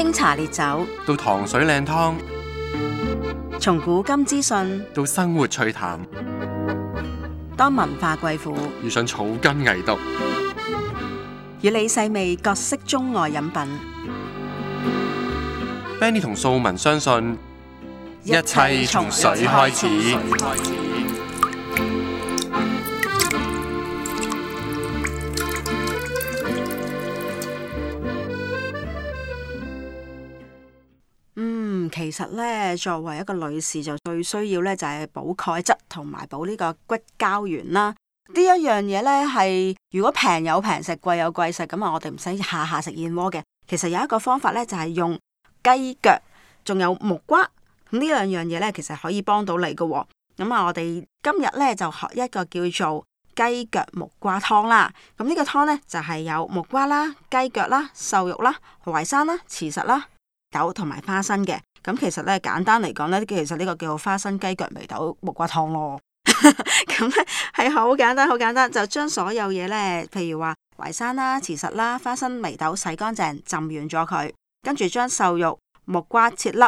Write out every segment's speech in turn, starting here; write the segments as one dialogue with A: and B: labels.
A: 清茶烈酒，
B: 到糖水靚湯；
A: 從古今
B: 資訊到生活趣談，
A: 當文化貴
B: 婦遇上草根藝毒，
A: 與你細味各式中外飲品。
B: Benny 同素文相信，一切從水開始。
A: 其實咧，作為一個女士，就最需要咧就係補鈣質同埋補呢個骨膠原啦。呢一樣嘢咧係如果平有平食，貴有貴食，咁啊我哋唔使下下食燕窩嘅。其實有一個方法咧就係、是、用雞腳，仲有木瓜。咁呢兩樣嘢咧，其實可以幫到你噶、哦。咁啊，我哋今日咧就學一個叫做雞腳木瓜湯啦。咁呢個湯咧就係、是、有木瓜啦、雞腳啦、瘦肉啦、淮山啦、芡實啦、豆同埋花生嘅。咁其實咧，簡單嚟講咧，其實呢個叫做花生雞腳眉豆木瓜湯咯、啊。咁咧係好簡單，好簡單，就將所有嘢咧，譬如話淮山啦、啊、芡實啦、啊、花生、眉豆洗乾淨，浸軟咗佢，跟住將瘦肉、木瓜切粒，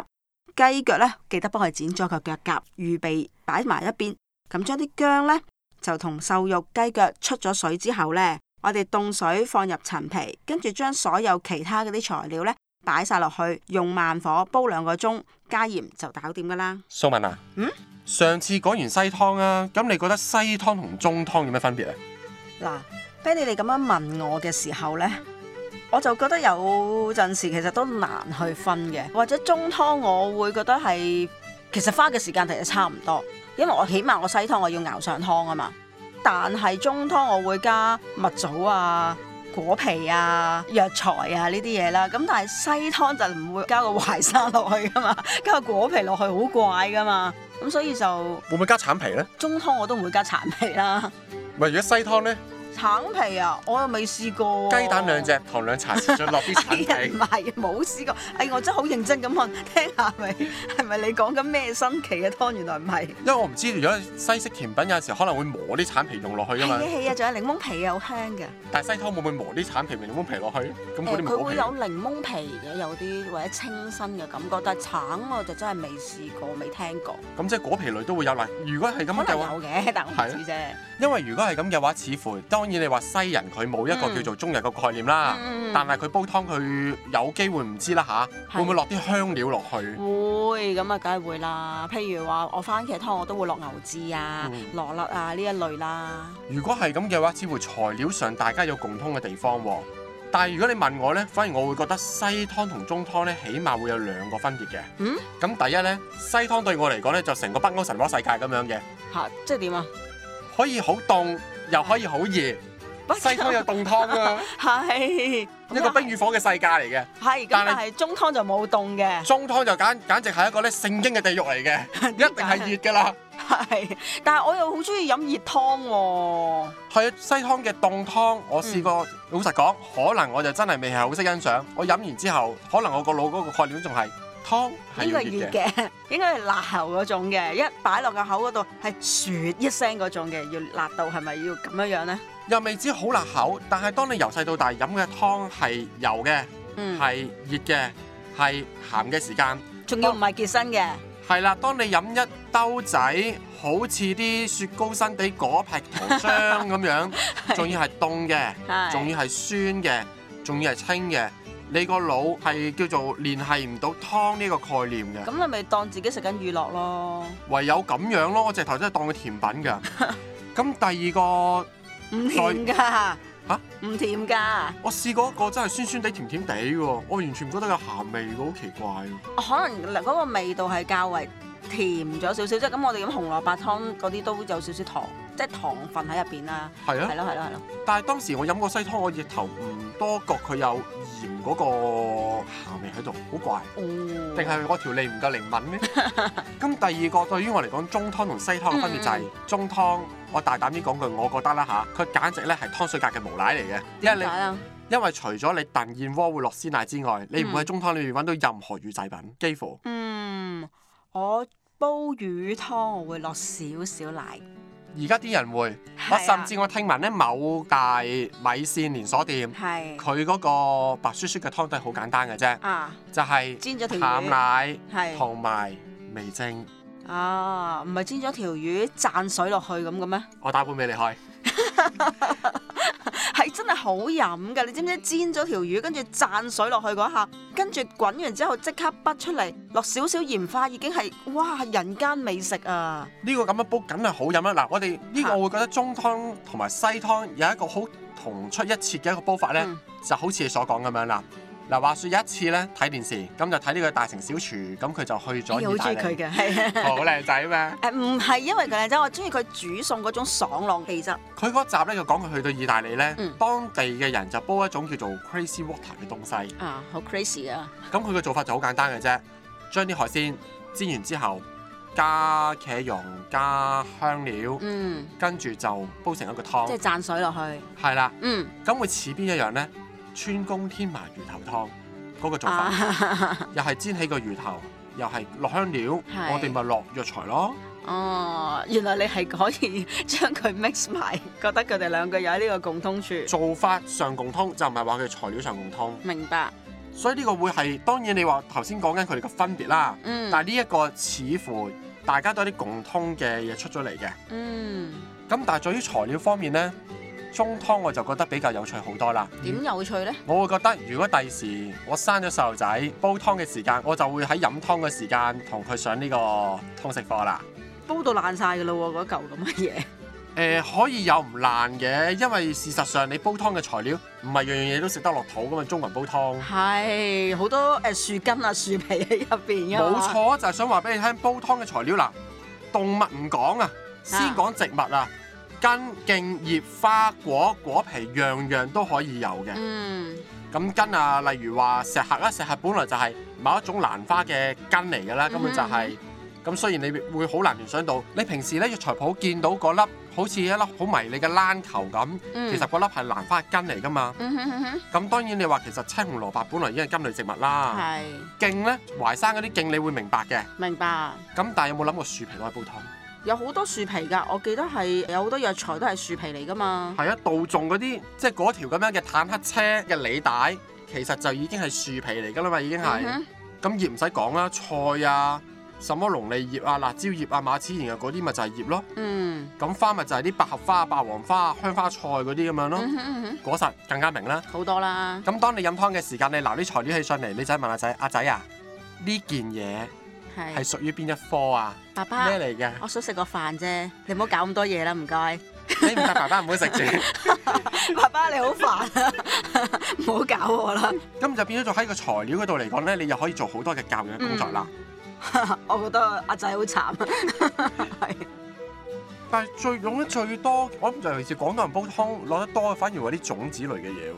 A: 雞腳咧記得幫佢剪咗個腳甲，預備擺埋一邊。咁將啲薑咧，就同瘦肉、雞腳出咗水之後咧，我哋凍水放入陳皮，跟住將所有其他嗰啲材料咧。擺晒落去，用慢火煲兩個鐘，加鹽就搞掂噶啦。
B: 蘇文啊，嗯，上次講完西湯啊，咁你覺得西湯同中湯有咩分別啊？
A: 嗱，俾你哋咁樣問我嘅時候呢，我就覺得有陣時其實都難去分嘅，或者中湯我會覺得係其實花嘅時間其實差唔多，因為我起碼我西湯我要熬上湯啊嘛，但係中湯我會加蜜棗啊。果皮啊、藥材啊呢啲嘢啦，咁但係西湯就唔會加個淮山落去㗎嘛，加個果皮落去好怪㗎嘛，咁所以就
B: 會唔會加橙皮咧？
A: 中湯我都唔會加橙皮啦。
B: 唔係，如果西湯咧？
A: 橙皮啊，我又未試過、啊。雞蛋
B: 兩隻，糖兩茶匙，再落啲橙皮。唔
A: 係、 哎，冇試過。哎，我真係好認真咁問，聽下咪係咪你講緊咩新奇嘅湯？原來唔係。
B: 因為我唔知如果西式甜品有陣時可能會磨啲橙皮用落去㗎嘛。係啊，
A: 仲有檸檬皮又香嘅。
B: 但西湯會唔會磨啲橙皮、檸檬皮落去？咁佢、嗯、會有
A: 檸檬皮嘅，有啲或者清新嘅感覺。但係橙我就真係未試過，未聽過。
B: 咁即係果皮類都會有啦。如果係咁嘅話，有
A: 嘅，但我唔知啫。
B: 因為如果係咁嘅話，似乎當然你話西人佢冇一個叫做中日嘅概念啦。嗯、但係佢煲湯佢有機會唔知啦嚇，是會唔會落啲香料落去？
A: 會咁啊，梗係會啦。譬如話我番茄湯，我都會落牛至、嗯、啊、羅勒啊呢一類啦。
B: 如果係咁嘅話，似乎材料上大家有共通嘅地方。但係如果你問我呢，反而我會覺得西湯同中湯呢，起碼會有兩個分別嘅。嗯。咁第一呢，西湯對我嚟講呢，就成個北歐神話世界咁樣嘅。嚇，即係點啊？可以好凍，又可以好熱，西湯有凍湯啊！
A: 係 是
B: 一個冰與火嘅世界嚟嘅。
A: 係 是，但係是中湯就冇凍嘅。
B: 中湯就簡簡直係一個咧聖經嘅地獄嚟嘅， 麼一定係熱㗎啦。係， 但係我又好中意飲熱湯喎、哦。係西湯嘅凍湯，我試過，嗯、老實講，可能我就真係未係好識欣賞。我飲完之後，可能我個腦嗰個概念仲係。湯應該係熱嘅，
A: 應該係辣喉嗰種嘅，一擺落個口嗰度係雪一聲嗰種嘅，要辣到係咪要咁
B: 樣樣咧？又未知好辣口，但係當你由細到大飲嘅湯係油嘅，嗯，係熱嘅，係鹹嘅時間，仲要唔係健身嘅，係啦。當你飲一兜仔好似啲雪糕身底果皮糖咁樣，仲要係凍嘅，係，仲要係酸嘅，仲要係清嘅。你個腦係叫做聯繫唔到湯呢個概念嘅，咁
A: 你咪當自己食緊娛樂
B: 咯。唯有咁樣咯，我直頭真係當佢甜品㗎。咁 第二個唔甜㗎，吓唔再、啊、甜㗎。我試過一個真係酸酸地、甜甜地喎，我完全唔覺得有鹹味，好奇怪，
A: 可能嗱嗰個味道係較為甜咗少少，即係咁我哋飲紅蘿蔔湯嗰啲都有少少糖。即係糖分喺入邊啦，
B: 係啊，係咯係咯係咯。但係當時我飲過西湯，我熱頭唔多覺佢有鹽嗰、那個鹹、啊、味喺度，好怪。定係、哦、我條脷唔夠靈敏咩？咁 第二個對於我嚟講，中湯同西湯嘅分別就係、是嗯、中湯，我大膽啲講句，我覺得啦吓，佢簡直咧係湯水界嘅無奶嚟嘅。因為你，因為，為，因為除咗你燉燕窩會落鮮奶之外，你唔會喺中湯裏面揾到任何乳製品，幾乎。
A: 嗯，我煲魚湯我會落少少奶。
B: 而家啲人會，啊、我甚至我聽聞咧某大米線連鎖店，佢嗰是個白雪雪嘅湯底好簡單嘅啫，啊、就係煎咗條淡奶、同埋味精。
A: 啊，唔係煎咗條魚，蘸、啊、水落去咁嘅咩？
B: 我打半味你開。
A: 係 真係好飲噶，你知唔知煎咗條魚，跟住蘸水落去嗰下，跟住滾完之後即刻拔出嚟，落少少鹽花，已經係哇
B: 人間美食啊！呢個咁樣煲梗係好飲吖。嗱，我哋呢個我會覺得中湯同埋西湯有一個好同出一轍嘅一個煲法呢，嗯、就好似你所講咁樣啦。嗱，話説一次咧，睇電視咁就睇呢個《大城小廚》，咁佢就去咗意大利。你好中意佢嘅，係好靚仔啊嘛。誒，
A: 唔係因為佢靚仔，我中意佢煮餸嗰種爽朗氣質。
B: 佢嗰集咧就講佢去到意大利咧，嗯、當地嘅人就煲一種叫做 crazy water 嘅東西。啊，
A: 好 crazy 啊！
B: 咁佢嘅做法就好簡單嘅啫，將啲海鮮煎完之後，加茄蓉、加香料，嗯，跟住就煲成一個湯。即係
A: 掙水落去。
B: 係啦，嗯。咁、嗯、會似邊一樣咧？川宮天麻魚頭湯嗰個做法， 又係煎起個魚頭，又係落香料，是我哋咪落藥材咯。
A: 哦，原來你係可以將佢 mix 埋，覺得佢
B: 哋兩個有呢個共通處。做法上共通，就唔係話佢材料上共通。明白。所以呢個會係，當然你話頭先講緊佢哋嘅分別啦。嗯。但係呢一個似乎大家都有啲共通嘅嘢出咗嚟嘅。
A: 嗯。
B: 咁但係在於材料方面咧。中湯我就覺得比較有趣好多啦。點有趣呢？我會覺得如果第時我生咗細路仔，煲湯嘅時間，我就會喺飲湯嘅時間同佢上呢個湯食課啦。
A: 煲到爛晒嘅咯喎，嗰嚿咁嘅嘢。
B: 誒，可以有唔爛嘅，因為事實上你煲湯嘅材料唔係樣樣嘢都食得落肚㗎嘛。中文煲湯係好多誒、啊、樹根啊樹皮喺入邊嘅。冇錯，就係、是、想話俾你聽，煲湯嘅材料啦，動物唔講啊，先講植物啊。啊根、莖、葉、花、果、果皮，樣樣都可以有嘅。嗯。咁根啊，例如話石斛啦，石斛本來就係某一種蘭花嘅根嚟㗎啦，根本就係、是。咁雖然你會好難聯想到，你平時咧去藥材舖見到嗰粒好似一粒好迷你嘅卵球咁，其實嗰粒係蘭花嘅根嚟㗎嘛。咁當然你話其實青紅蘿蔔本來已經係根類植物啦。係的。莖咧，淮山嗰啲莖，你會明白嘅。明白。咁但係有冇諗過樹皮攞嚟煲湯？
A: 有好多樹皮噶，我記得係有好多藥材都係樹皮嚟噶嘛。
B: 係啊，杜仲嗰啲即係嗰條咁樣嘅坦克車嘅履帶，其實就已經係樹皮嚟噶啦嘛，已經係。咁葉唔使講啦，菜、hmm. 啊，什麼龍脷葉啊、辣椒葉啊、馬齒莖啊嗰啲，咪就係葉咯。嗯、mm。咁、hmm. 花咪就係啲百合花、霸王花、香花菜嗰啲咁樣咯。Mm hmm. 果實更加明啦。好多啦。咁當你飲湯嘅時間，你攞啲材料起上嚟，你仔問下仔，阿仔啊，呢件嘢係屬於邊一科啊？是爸爸，咩嚟㗎？我
A: 想食個飯啫，你唔好搞咁多嘢啦，唔該。 你
B: 唔係爸爸唔好食住，
A: 爸爸你好煩啊，唔 好搞我啦。
B: 咁就變咗在喺個材料嗰度嚟講咧，你又可以做好多嘅教育嘅工作啦。
A: 我覺得阿仔好慘。係
B: 是。但係最用得最多，我諗就尤其是廣東人煲湯攞得多，反而係啲種子類嘅嘢喎。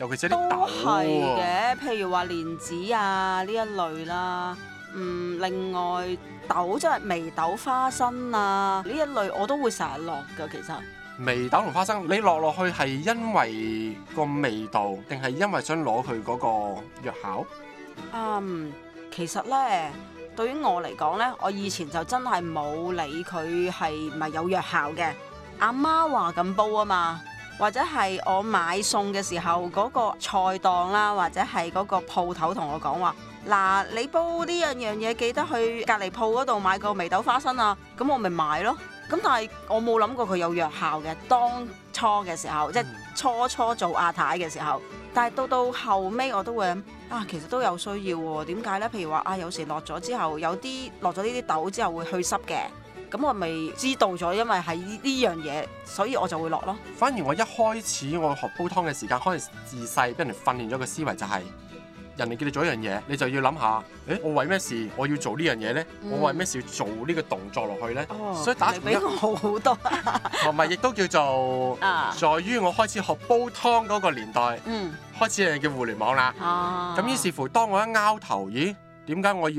B: 尤其是啲豆。係嘅，
A: 譬如話蓮子啊呢一類啦。嗯，另外豆即係眉豆、花生啊呢一類，我都會成日落噶。其實
B: 眉豆同花生，你落落去係因為個味道，定係因為想攞佢嗰個藥效？
A: 嗯，其實咧，對於我嚟講咧，我以前就真係冇理佢係咪有藥效嘅。阿媽話咁煲啊嘛，或者係我買餸嘅時候嗰個菜檔啦，或者係嗰個鋪頭同我講話。嗱，你煲呢樣樣嘢記得去隔離鋪嗰度買個眉豆花生啊，咁我咪買咯。咁但係我冇諗過佢有藥效嘅。當初嘅時候，即係初初做阿太嘅時候，但係到到後尾我都會諗啊，其實都有需要喎。點解呢？譬如話，啊有時落咗之後，有啲落咗呢啲豆之後會去濕嘅，咁我咪知道咗，因為係呢樣嘢，
B: 所以我就會落咯。反而我一開始我學煲湯嘅時間，開始自細俾人哋訓練咗個思維就係、是。人哋叫你做一樣嘢，你就要諗下，誒、欸，我為咩事我要做呢樣嘢呢？嗯、我為咩事要做呢個動作落去呢？哦、所以打從比給我好好多，同埋亦都叫做，在於我開始學煲湯嗰個年代，嗯、開始誒叫互聯網啦。咁、啊、於是乎，當我一拗頭，咦，點解我要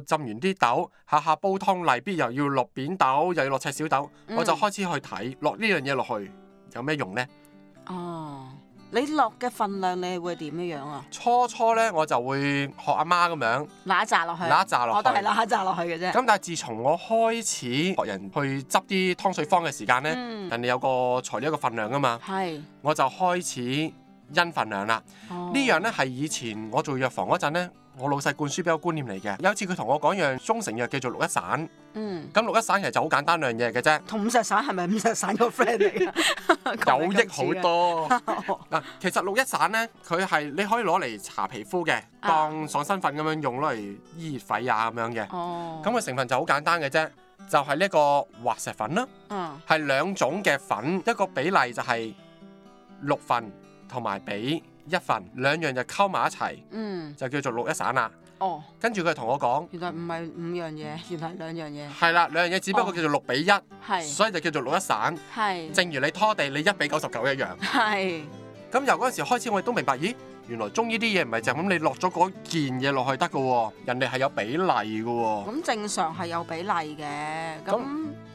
B: 浸完啲豆，下下煲湯例必又要落扁豆，又要落赤小豆，嗯、我就開始去睇落呢樣嘢落去有咩用呢？哦、
A: 啊。你落嘅份量你會點嘅樣啊？
B: 初初咧我就會學阿媽咁樣，
A: 攞一紮落去，攞一紮落去，我都係攞一紮落去嘅啫。咁但
B: 係自從我開始學人去執啲湯水方嘅時間咧，嗯、人哋有個材料一個份量啊嘛，係，我就開始。因份量啦，呢樣咧係以前我做藥房嗰陣咧，我老細灌輸俾我觀念嚟嘅。有一次佢同我講樣中成藥叫做六一散，咁、嗯、六一散其實就好簡單兩樣嘢嘅啫。同五石散係咪五石散個 friend 嚟嘅？ 有益好多嗱，哦、其實六一散咧，佢係你可以攞嚟搽皮膚嘅，當爽身粉咁樣用，攞嚟醫痱牙咁樣嘅。咁個成分就好簡單嘅啫，就係、是、呢個滑石粉啦，係、嗯、兩種嘅粉，一個比例就係六份。同埋俾一份，兩樣就溝埋一齊，嗯，就叫做六一散啦。哦，跟住佢同我講，
A: 原來唔係五樣嘢，原來兩樣嘢。
B: 係啦，兩樣嘢只不過叫做六比一，係，所以就叫做六一散。
A: 係，正
B: 如你拖地，你一比九十九一樣。係。咁由嗰陣時開始，我亦都明白，咦，原來中醫啲嘢唔係就咁，你落咗嗰件嘢落去得㗎喎，人哋係有比例㗎喎。咁、
A: 嗯、正常係有比例嘅，咁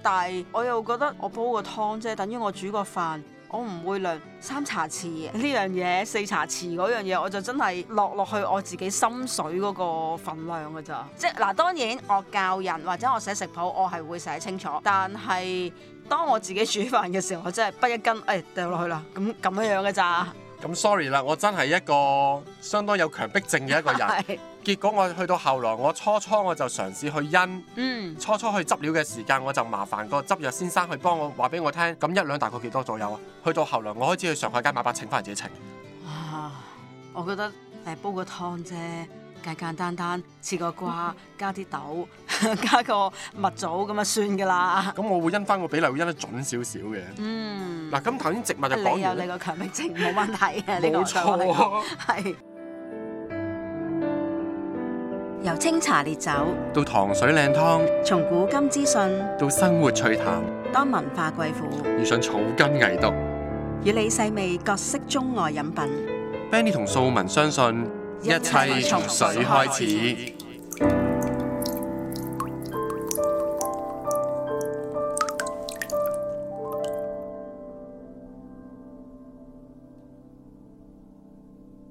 A: 但係我又覺得我煲個湯啫，等於我煮個飯。我唔會量三茶匙呢樣嘢，四茶匙嗰樣嘢，我就真係落落去我自己心水嗰個份量㗎咋。即係嗱，當然我教人或者我寫食譜，我係會寫清楚。但係當我自己煮飯嘅時候，我真係不一斤，誒掉落去啦，咁咁樣樣㗎咋。
B: 咁 sorry 啦，我真係一個相當有強迫症嘅一個人。 結果我去到後來，我初初我就嘗試去因，嗯、初初去執料嘅時間我就麻煩個執藥先生去幫我話俾我聽，咁一兩大概幾多左右啊？去到後來我開始去上海街買把稱翻自己稱。啊，
A: 我覺得誒煲個湯啫，簡簡單單，切個瓜，加啲豆，加個
B: 蜜棗咁啊算㗎啦。咁我會因翻個比例會因得準少少嘅。嗯。嗱，咁頭先植物就講有，你，有你個強迫症冇問題嘅，
A: 你冇錯係。由清茶烈酒
B: 到糖水靚湯，從古
A: 今資訊
B: 到生活趣談，
A: 當文化貴婦
B: 遇上草根危毒，
A: 與你細味各式中外飲品。
B: Benny 同素文相信，一切從水開始。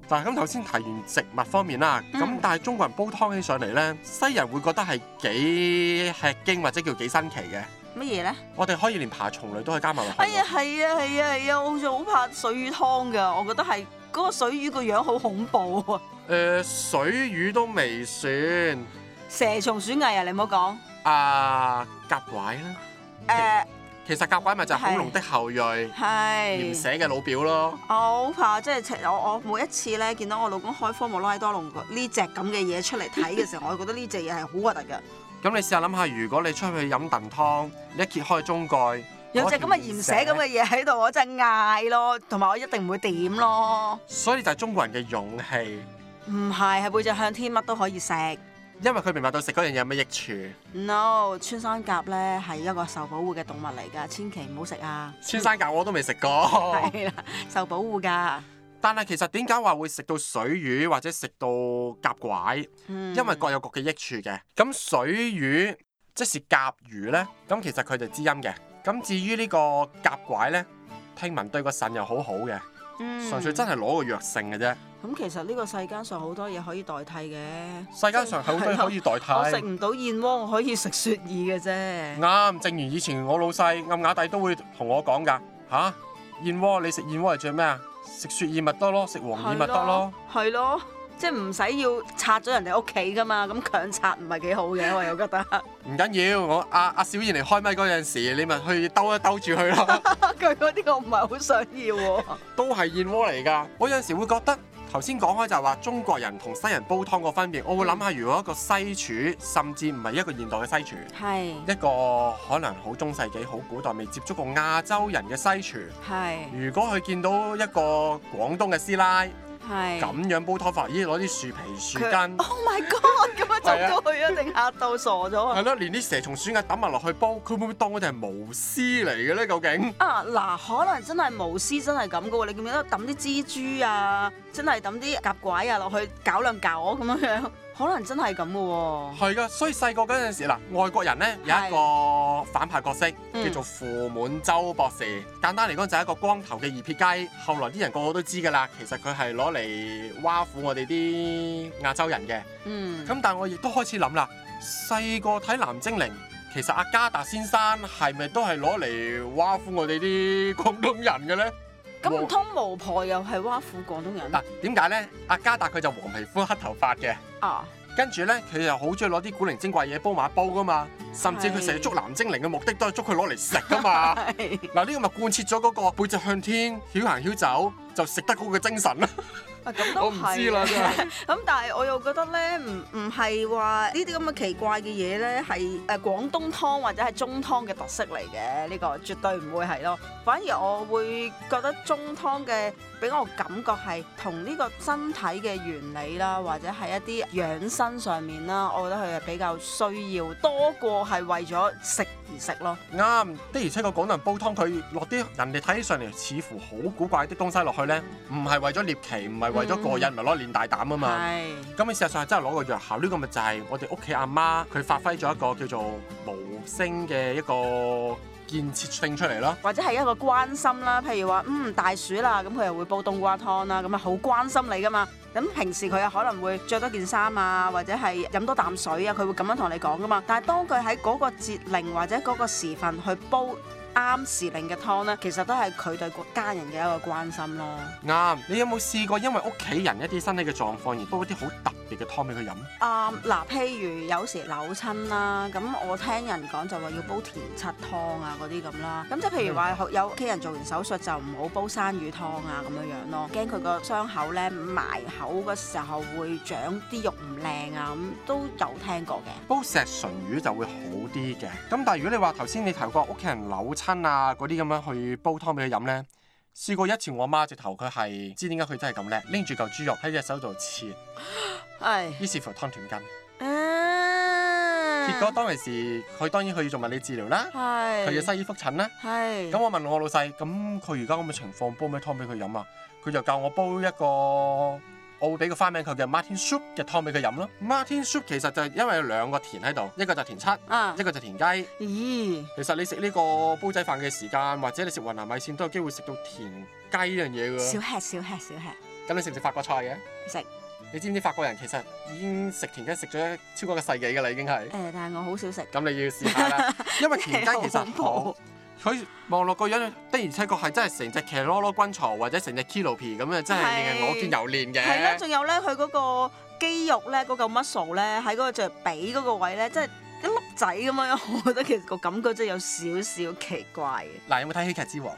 B: 但係咁頭先提完食物方面啦，咁、嗯、但係中國人煲湯起上嚟咧，西人會覺得係幾吃驚或者叫幾新奇嘅。乜嘢咧？我哋可以連爬蟲類都係加埋。哎呀，係
A: 啊，係啊，係啊，我好似好怕水魚湯噶，我覺得係嗰，那個水魚個樣好恐怖啊。
B: 誒、呃，水魚都未算，蛇蟲鼠蟻啊，你唔好講。啊，甲拐啦。誒、呃。其實夾鬼咪就係恐龍的後裔，鹽蛇嘅老表咯。
A: 我好怕，即係我我每一次咧見到我老公開科莫拉多龍呢隻咁嘅嘢出嚟睇嘅時候，我覺得呢隻嘢係好核突嘅。
B: 咁 你試下諗下，如果你出去飲燉湯，一揭開中蓋，有隻咁嘅鹽蛇咁
A: 嘅嘢喺度，我真嗌咯，同埋我一定唔會點咯。
B: 所以就係中國人嘅勇氣。唔係，係背脊向天乜都可以食。因為佢明白到食嗰樣嘢有咩益處。
A: No，穿山甲呢係一個受保護嘅動物嚟㗎，千祈唔好食啊！
B: 穿山甲我都未食過。係啦
A: 受保護㗎。
B: 但係其實點解話會食到水魚或者食到甲拐？嗯、因為各有各嘅益處嘅。咁水魚即是甲魚呢，咁其實佢哋滋陰嘅。咁至於呢個甲拐呢，聽聞對個腎又好好嘅，嗯、
A: 純粹真
B: 係攞個藥性嘅啫。
A: 咁其實呢個世間上好多嘢可以代替嘅，世間上好多嘢可以
B: 代替。我食唔
A: 到燕窩，我可以食雪耳嘅啫。
B: 啱，正如以前我老細暗啞底都會同我講㗎，吓，燕窩你食燕窩係著咩啊？食雪耳咪得咯，食黃耳咪得咯。
A: 係咯，即係唔使要拆咗人哋屋企㗎嘛，咁強拆唔係幾好嘅，我又覺得。
B: 唔緊要，我阿阿小燕嚟開咪嗰陣時，你咪去兜一兜住佢咯。佢嗰啲我唔係好想要喎。都係燕窩嚟㗎，我有陣時會覺得。頭先講開就話中國人同西人煲湯個分別，我會諗下如果一個西廚，甚至唔係一個現代嘅西廚，係一個可能好中世紀、好古代未接觸過亞洲人嘅西廚，係如果佢見到一個廣東嘅師奶。咁樣煲湯法，依攞啲樹皮樹根。Oh
A: my god！咁樣浸過去一定嚇到傻咗啊？係
B: 咯，連啲蛇蟲鼠蟻抌埋落去煲，佢會唔會當佢哋係巫師嚟嘅咧？究竟
A: 啊嗱，可能真係巫師真係咁嘅喎，你記唔記得抌啲蜘蛛啊，真係抌啲曱甴啊落去搞兩攪咁樣樣。可能真係咁嘅喎，
B: 係噶，所以細個嗰陣時嗱、啊，外國人咧有一個反派角色叫做傅滿洲博士，嗯、簡單嚟講就係一個光頭嘅二撇雞。後來啲人個個都知噶啦，其實佢係攞嚟挖苦我哋啲亞洲人嘅。咁、嗯、但係我亦都開始諗啦，細個睇《藍精靈》，其實阿加達先生係咪都係攞嚟挖苦我哋啲廣東人嘅咧？
A: 咁唔通王巫婆又係挖苦廣東人。嗱，
B: 點解咧？阿加達佢就黃皮膚、黑頭髮嘅。啊呢！跟住咧，佢又好中意攞啲古靈精怪嘢煲馬煲噶嘛。甚至佢成日捉藍精靈嘅目的都係捉佢攞嚟食噶嘛。嗱，呢個咪貫徹咗嗰個背脊向天、曉行曉走，走就食得高嘅精神啦。
A: 咁都係。咁、啊、 但係我又覺得咧，唔唔係話呢啲咁嘅奇怪嘅嘢咧，係誒廣東湯或者係中湯嘅特色嚟嘅，呢、呢個絕對唔會係咯。反而我會覺得中湯嘅，俾我感覺係同呢個身體嘅原理啦，或者係一啲養生上面啦，我覺得佢係比較需要多過係為咗食而食咯。
B: 啱的，而且個廣東煲湯，佢落啲人哋睇起上嚟似乎好古怪啲東西落去咧，唔係為咗獵奇，唔係為咗過癮，唔係攞練大膽啊嘛。咁你是的 事實上真係攞個藥效，呢個咪就係我哋屋企阿媽佢發揮咗一個叫做無聲嘅一個。建設性出嚟咯，或者係一個關心啦。譬
A: 如話，嗯，大暑啦，咁佢又會煲冬瓜湯啦，咁啊好關心你噶嘛。咁平時佢又可能會着多件衫啊，或者係飲多啖水啊，佢會咁樣同你講噶嘛。但係當佢喺嗰個節令或者嗰個時份去煲啱時令嘅湯咧，其實都係佢對家人嘅一個關心咯。
B: 啱、嗯，你有冇試過因為屋企人一啲身體嘅狀況，而煲一啲好特別嘅湯俾佢飲？
A: 啊、嗯，嗱、嗯，譬如有時扭親啦，咁我聽人講就話要煲田七湯啊嗰啲咁啦。咁即係譬如話，有屋企人做完手術就唔好煲生魚湯啊咁樣樣咯，驚佢個傷口咧埋口嘅時候會長啲肉唔靚啊，咁都有聽過嘅。
B: 煲石唇魚就會好啲嘅。咁但係如果你話頭先你提過屋企人扭吞啊，嗰啲咁樣去煲湯俾佢飲咧，試過一次我阿媽直頭佢係，知點解佢真係咁叻，拎住嚿豬肉喺隻手度切，於是乎湯斷筋。嗯、
A: 結
B: 果當其時佢當然佢要做物理治療啦，佢要西醫複診啦。咁我問我老細，咁佢而家咁嘅情況煲咩湯俾佢飲啊？佢就教我煲一個。我會俾個花名佢嘅 Martin Soup 嘅湯俾佢飲咯。Martin Soup Mart 其實就係因為有兩個田喺度，一個就田七，啊、一個就田雞。咦、嗯，其實你食呢個煲仔飯嘅時間，或者你食雲南米線，都有機會食到田雞呢樣嘢噶。少食
A: 少食少食。
B: 咁你食唔食法國菜嘅？食吃，你知唔知法國人其實已經食田雞食咗超過一個世紀噶啦，已經係。誒、
A: 嗯，但係我好少食。
B: 咁你要試下啦， 因為田雞其實。其實好佢望落個樣的而且確係真係成隻騎羅羅軍曹，或者成隻 kilo 皮咁樣，真係令人我見猶憐嘅。係啦，仲
A: 有咧，佢嗰個肌肉咧，嗰嚿 muscle 咧，喺嗰個著髀嗰個位咧，即係一粒仔咁樣，我覺得其實個感覺真係有少少奇怪。
B: 嗱，有冇睇《喜劇之王》？誒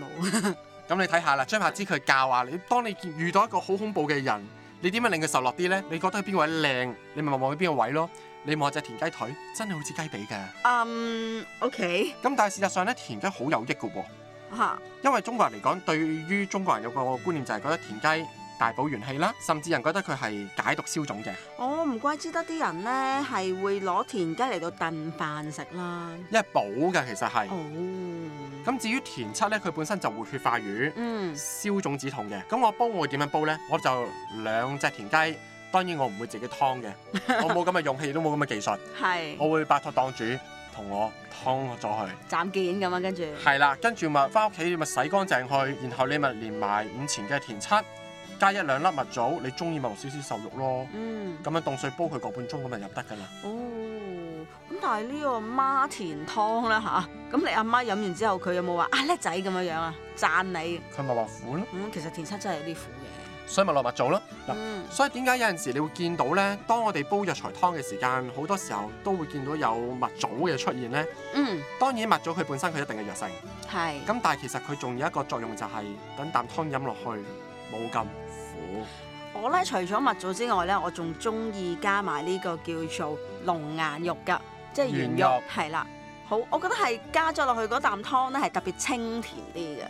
B: 冇、嗯。咁、 嗯、你睇下啦，張柏芝佢教啊，你當你遇到一個好恐怖嘅人，你點樣令佢受落啲咧？你覺得佢邊位靚，你咪望望佢邊個位咯。你望隻田雞腿，真係好似雞髀嘅。
A: 嗯、um,，OK。
B: 咁但係事實上咧，田雞好有益嘅喎。嚇、uh！Huh. 因為中國人嚟講，對於中國人有個觀念就係覺得田雞大補元氣啦，甚至人覺得佢係解毒消腫嘅。
A: 我唔、oh, 怪之得啲人咧係會攞田雞嚟到燉飯食啦。因
B: 為補嘅其實係。哦。咁至於田七咧，佢本身就活血化瘀，嗯，消腫止痛嘅。咁我煲我會點樣煲咧？我就兩隻田雞。當然我唔會自己劏嘅，我冇咁嘅勇氣，都冇咁嘅技術。
A: 係 是，我會
B: 拜託檔主同我劏咗佢。
A: 斬件咁樣，跟住
B: 係啦，跟住咪翻屋企咪洗乾淨去，然後你咪連埋五錢嘅田七。加一兩粒蜜棗，你中意咪落少少瘦肉咯。嗯，咁樣凍水煲佢個半鐘咁咪入得㗎啦。哦，
A: 咁但係呢個媽田湯啦吓，咁你阿媽飲完之後，佢有冇話啊叻仔咁樣樣啊讚你？
B: 佢咪話苦咯。嗯，其實田七真係有啲苦。所以咪落蜜棗咯，嗱、嗯，所以點解有陣時你會見到咧，當我哋煲藥材湯嘅時間，好多時候都會見到有蜜棗嘅出現咧。嗯，當然蜜棗佢本身佢一定係藥性，係是，咁但係其實佢仲有一個作用就係等啖湯飲落去冇咁苦。
A: 我咧除咗蜜棗之外咧，我仲中意加埋呢個叫做龍眼肉噶，即係圓肉，係啦肉，好，我覺得係加咗落去嗰啖湯咧係特別清甜啲嘅，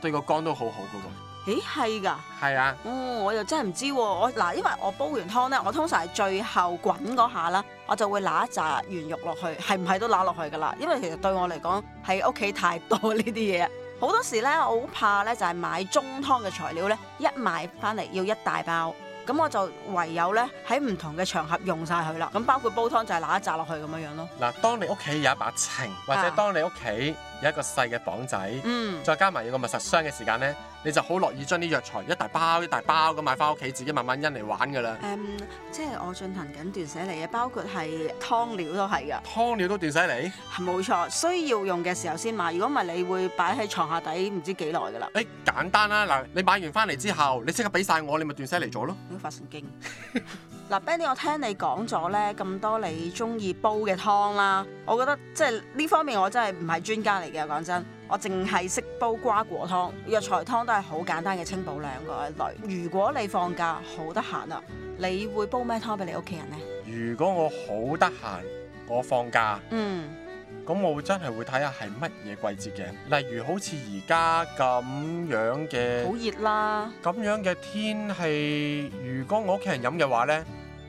B: 對個肝都好好噶
A: 咦，係噶？係啊的。哦、嗯，我又真係唔知喎。我嗱，因為，我煲完湯咧，我通常係最後滾嗰下啦，我就會攞一紮原肉落去，係唔係都攞落去噶啦？因為其實對我嚟講，喺屋企太多呢啲嘢，好多時咧，我好怕咧，就係買中湯嘅材料咧，一買返嚟要一大包，咁我就唯有咧喺唔同嘅場合用晒佢啦。咁包括煲湯就係攞一紮落去咁樣樣咯。
B: 嗱，當你屋企有一把秤，或者當你屋企有一個細嘅磅仔，嗯的，再加埋有個密實箱嘅時間咧。你就好樂意將啲藥材一大包一大包咁買翻屋企，自己慢慢因嚟玩噶啦、
A: 嗯。即係我進行緊斷捨離啊，包括係湯料都係噶。
B: 湯料都斷捨離？
A: 係冇錯，需要用嘅時候先買，如果唔係，你會擺喺床下底唔知
B: 幾耐噶啦。誒、欸，簡單啦，嗱，你買完翻嚟之後，你即刻俾晒我，你咪斷捨離咗咯。發神經！
A: 嗱 Benny 我聽你講咗咧咁多你中意煲嘅湯啦，我覺得即係呢方面我真係唔係專家嚟嘅，講真。我淨係識煲瓜果湯、藥材湯都係好簡單嘅清補涼一類。如果你放假好得閒啊，你會煲咩湯俾你屋企人呢？
B: 如果我好得閒，我放假，嗯，咁我會真係會睇下係乜嘢季節嘅。例如好似而家咁樣嘅，好熱
A: 啦，
B: 咁樣嘅天氣，如果我屋企人飲嘅話呢，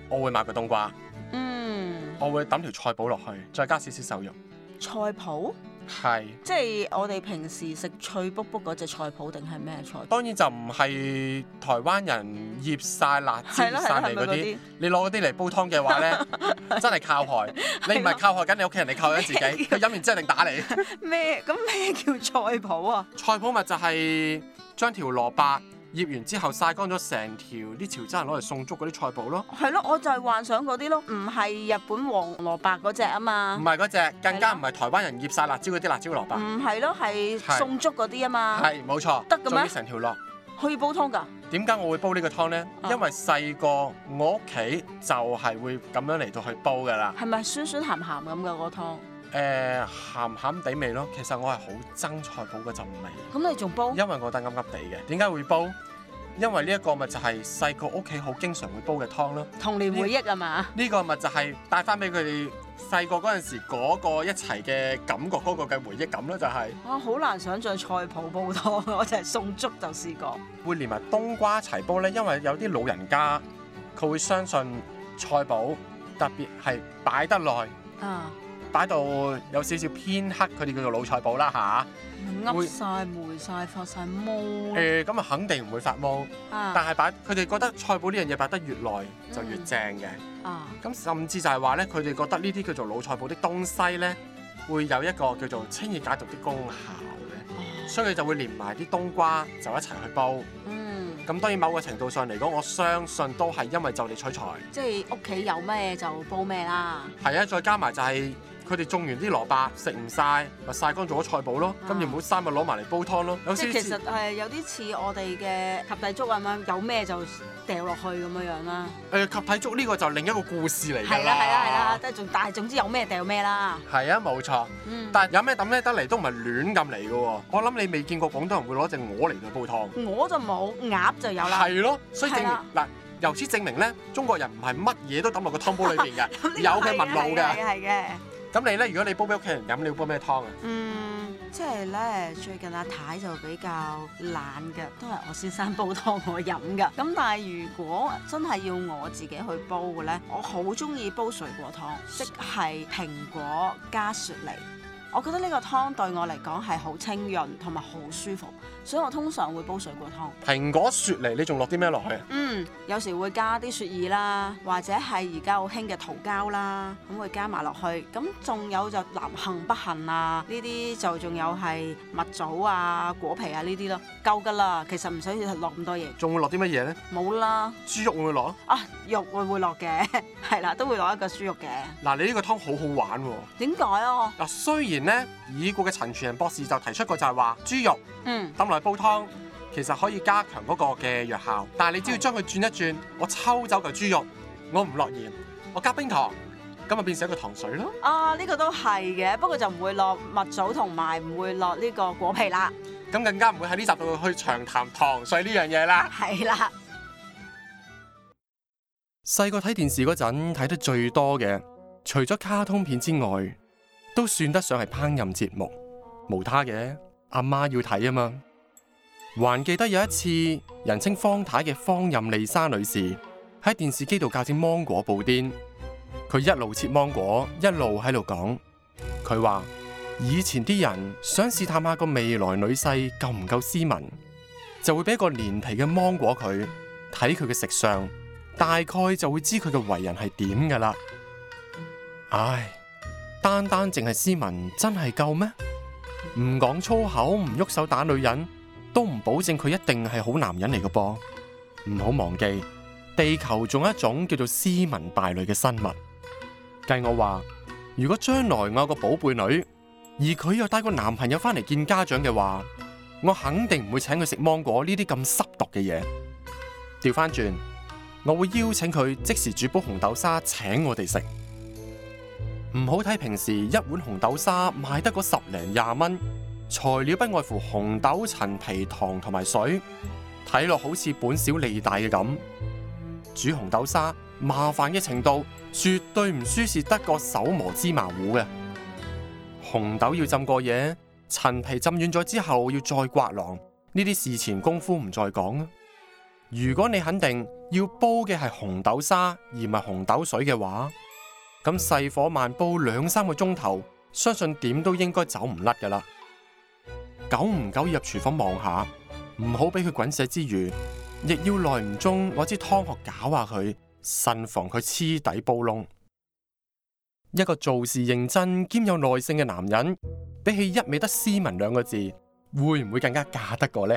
B: 我會買個冬瓜，嗯，我會揼條菜脯落去，再加少少瘦肉，
A: 菜脯。係，是即係我哋平時食脆卜卜嗰隻菜脯定係咩菜？當
B: 然就唔係台灣人醃晒辣椒、晒嚟嗰啲。是是你攞啲嚟煲湯嘅話咧， 真係靠害！ 你唔係靠害緊，是啊、你屋企人，你靠緊自己。佢飲 完之後定打你咩？咁 咩叫菜脯啊？菜脯咪就係將條蘿蔔。醃完之後曬乾咗成條，啲潮州人攞嚟送粥嗰啲菜脯咯，
A: 係咯，我就係幻想嗰啲咯，唔係日本黃蘿蔔嗰隻啊嘛，
B: 唔係嗰隻，更加唔係台灣人醃晒辣椒嗰啲辣椒蘿蔔，
A: 唔係咯，係送粥嗰啲啊嘛，係
B: 冇錯，得嘅咩？仲要成條落，
A: 可以煲湯噶？
B: 點解我會煲呢個湯咧？因為細個我屋企就係會咁樣嚟到去煲噶啦，
A: 係咪酸酸鹹鹹咁嘅嗰
B: 個湯？誒、呃、鹹鹹地味咯，其實我係好憎菜脯嗰陣味。咁你仲煲？因為我覺得啱啱地嘅。點解會煲？因為呢一個咪就係細個屋企好經常會煲嘅湯咯。童年回憶啊嘛。呢個咪就係帶翻俾佢哋細個嗰陣時嗰個一齊嘅感覺，嗰、嗰個嘅回憶感咯、就係，就
A: 係。我好難想像菜脯煲
B: 湯，我就係送粥就試過。會連埋冬瓜一齊煲咧，因為有啲老人家佢會相信菜脯特別係擺得耐啊。擺到有少少偏黑，佢哋叫做老菜脯啦吓，黐曬
A: 黴曬發曬毛。誒，
B: 咁啊肯定唔會發毛，但係擺佢哋覺得菜脯呢樣嘢擺得越耐就越正嘅。啊，咁甚至就係話咧，佢哋覺得呢啲叫做老菜脯嘅東西咧，會有一個叫做清熱解毒嘅功效嘅，嗯、所以就會連埋啲冬瓜就一齊去煲。嗯，咁當然某個程度上嚟講，我相信都係因為就地取材，
A: 即係屋企有咩就煲咩啦。
B: 係啊，再加埋就係、是。佢哋種完啲蘿蔔食唔晒，咪曬乾做咗菜脯咯。跟唔好三日攞埋嚟煲湯咯。有係其實
A: 係有啲似我哋嘅合體粥咁樣，有咩就掉落去咁樣樣啦。
B: 誒，合體粥呢個就另一個故事嚟嘅、啊。啦、啊。係啦係啦
A: 係啦，即係、啊、但係總，總之有咩掉咩啦。
B: 係啊，冇錯。嗯、但係有咩揼咩得嚟都唔係亂咁嚟嘅喎。我諗你未見過廣東人會攞隻鵝嚟嚟煲湯。
A: 我就冇，鴨就有啦。係
B: 咯，所以證明嗱，是啊、由此證明咧，中國人唔係乜嘢都揼落個湯煲裏邊嘅， 有嘅問路嘅，係嘅點。咁你咧，如果你煲俾屋企人飲，你要煲咩湯啊？嗯，
A: 即係咧，最近阿太就比較懶嘅，都係我先生煲湯我飲噶。咁但係如果真係要我自己去煲嘅咧，我好中意煲水果湯，即係蘋果加雪梨。我覺得呢個湯對我嚟講係好清潤同埋好舒服，所以我通常會煲水果湯。
B: 蘋果雪梨，你仲落啲咩落去啊？
A: 嗯，有時會加啲雪耳啦，或者係而家好興嘅桃膠啦，咁會加埋落去。咁仲有就南杏北杏啊，呢啲就仲有係蜜棗啊、果皮啊呢啲咯，夠㗎啦。其實唔使落咁多嘢。
B: 仲會落啲乜嘢咧？冇啦了。豬肉會唔會落
A: 啊？啊，肉會會落嘅，係 啦，都會攞一個豬肉嘅。
B: 嗱，你呢個湯好好玩喎。點解啊？嗱，雖然。以前呢，已故嘅陳全仁博士就提出過就係話，豬肉，嗯，抌落煲湯，其實可以加強嗰個嘅藥效。但係你只要將佢轉一轉，是我抽走嚿豬肉，我唔落鹽，我加冰糖，咁咪變成一個糖水咯。
A: 啊，呢個都係嘅，不過就唔會落蜜棗同埋唔會落呢個果皮啦。
B: 咁更加唔會喺呢集度去長談糖水呢樣嘢啦。係啦的，細個睇電視嗰陣睇得最多嘅，除咗卡通片之外。都算得上係烹飪節目，無他嘅，阿媽，媽要睇啊嘛。還記得有一次，人稱方太嘅方任利莎女士喺電視機度教整芒果布甸，佢一路切芒果，一路喺度講。佢話以前啲人想試探下個未來女婿夠唔夠斯文，就會俾個連皮嘅芒果佢睇，佢嘅食相，大概就會知佢嘅為人係點噶啦。唉。單單淨係斯文真係夠咩？唔講粗口，唔喐手打女人，都唔保證佢一定係好男人嚟嘅噃。唔好忘記，地球仲有一種叫做斯文敗類嘅生物。計我話，如果將來我有個寶貝女，而佢又帶個男朋友翻嚟見家長嘅話，我肯定唔會請佢食芒果呢啲咁濕毒嘅嘢。調翻轉，我會邀請佢即時煮煲紅豆沙請我哋食。唔好睇平時一碗紅豆沙賣得個十零廿蚊，材料不外乎紅豆、陳皮、糖同埋水，睇落好似本小利大嘅咁。煮紅豆沙麻煩嘅程度絕對唔輸蝕得過手磨芝麻糊嘅。紅豆要浸過夜，陳皮浸軟咗之後要再刮囊，呢啲事前功夫唔再講啦。如果你肯定要煲嘅係紅豆沙而唔係紅豆水嘅話，咁細火慢煲兩三個鐘頭，相信點都應該走唔甩㗎喇。久唔久入廚房望下，唔好俾佢滾瀉之餘，亦要耐唔中攞支湯殼搞下佢，慎防佢黐底煲窿。一個做事認真兼有耐性嘅男人，比起一味得斯文兩個字，會唔會更加嫁得過呢？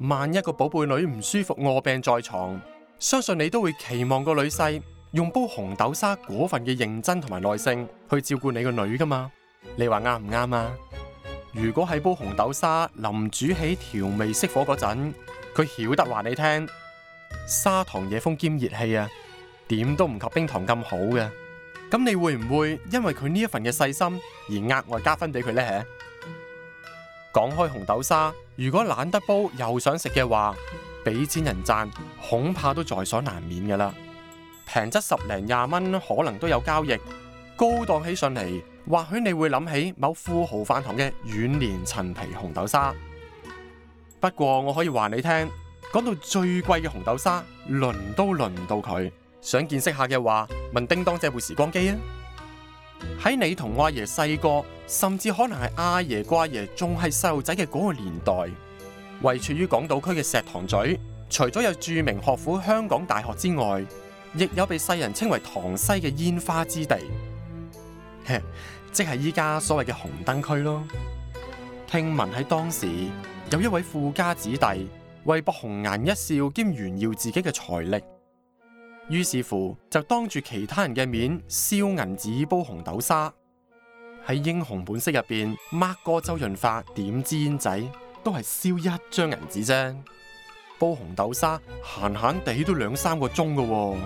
B: 萬一個寶貝女唔舒服臥病在床，相信你都會期望個女婿。用煲紅豆沙果份嘅認真同埋耐性去照顧你個女噶嘛？你話啱唔啱啊？如果喺煲紅豆沙，臨煮起調味熄火嗰陣，佢曉得話你聽，砂糖野風兼熱氣啊，點都唔及冰糖咁好嘅。咁你會唔會因為佢呢一份嘅細心而額外加分俾佢呢？講開紅豆沙，如果懶得煲又想食嘅話，俾錢人賺恐怕都在所難免噶啦。平質十零廿蚊可能都有交易，高檔起上嚟，或許你會諗起某富豪飯堂嘅軟年陳皮紅豆沙。不過我可以話你聽，講到最貴嘅紅豆沙，輪都輪唔到佢。想見識下嘅話，問叮當借部時光機啊！喺你同阿爺細個，甚至可能係阿爺瓜爺仲係細路仔嘅嗰個年代，位處於港島區嘅石塘咀，除咗有著名學府香港大學之外。亦有被世人稱為塘西嘅煙花之地， 即係依家所謂嘅紅燈區咯。聽聞喺當時有一位富家子弟為博紅顏一笑兼炫耀自己嘅財力，於是乎就當住其他人嘅面燒銀紙煲紅豆沙。喺英雄本色入邊，Mark 哥周潤發點支煙仔都係燒一張銀紙啫，煲紅豆沙閒閒地都兩三個鐘㗎。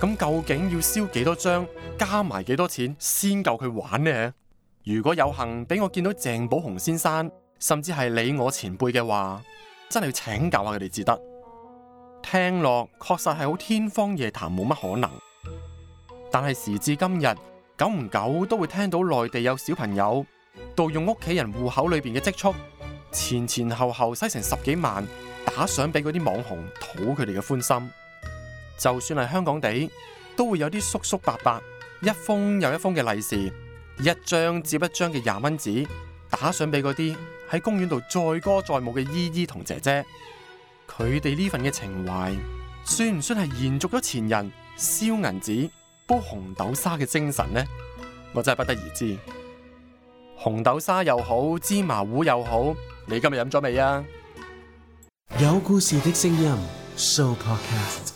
B: 咁究竟要燒幾多張，加埋幾多錢先夠佢玩呢？如果有幸俾我見到鄭寶雄先生，甚至係你我前輩嘅話，真係要請教下佢哋至得。聽落確實係好天方夜譚，冇乜可能。但係時至今日，久唔久都會聽到內地有小朋友盜用屋企人戶口裏邊嘅積蓄，前前後後使成十幾萬，打賞俾嗰啲網紅討佢哋嘅歡心。就算係香港地，都會有啲叔叔伯伯，一封又一封嘅利是，一張接一張嘅廿蚊紙，打賞俾嗰啲喺公園度載歌載舞嘅姨姨同姐姐。佢哋呢份嘅情懷，算唔算係延續咗前人燒銀紙、煲紅豆沙嘅精神呢？我真係不得而知。紅豆沙又好，芝麻糊又好，你今日飲咗未啊？有故事的聲音，Show
A: Podcast。